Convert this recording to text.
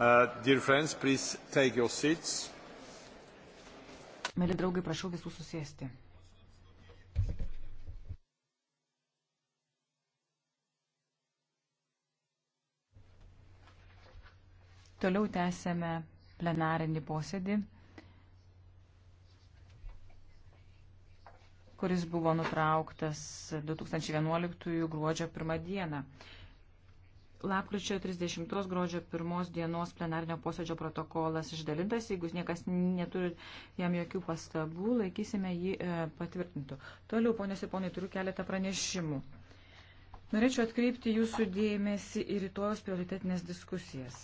Uh, dear friends, please take your seats. Mėly draugai, prašau visų susėsti. Toliau tęsėme plenarinį posėdį, kuris buvo nutrauktas 2011 gruodžio 1 dieną. Lapkričio 30 gruodžio 1 dienos plenarnio posėdžio protokolas išdalintas. Jeigu niekas neturi jam jokių pastabų, laikysime jį e, patvirtintų. Toliau, ponios ir ponai, turiu keletą pranešimų. Norėčiau atkreipti jūsų dėmesį į rytojus prioritetinės diskusijas.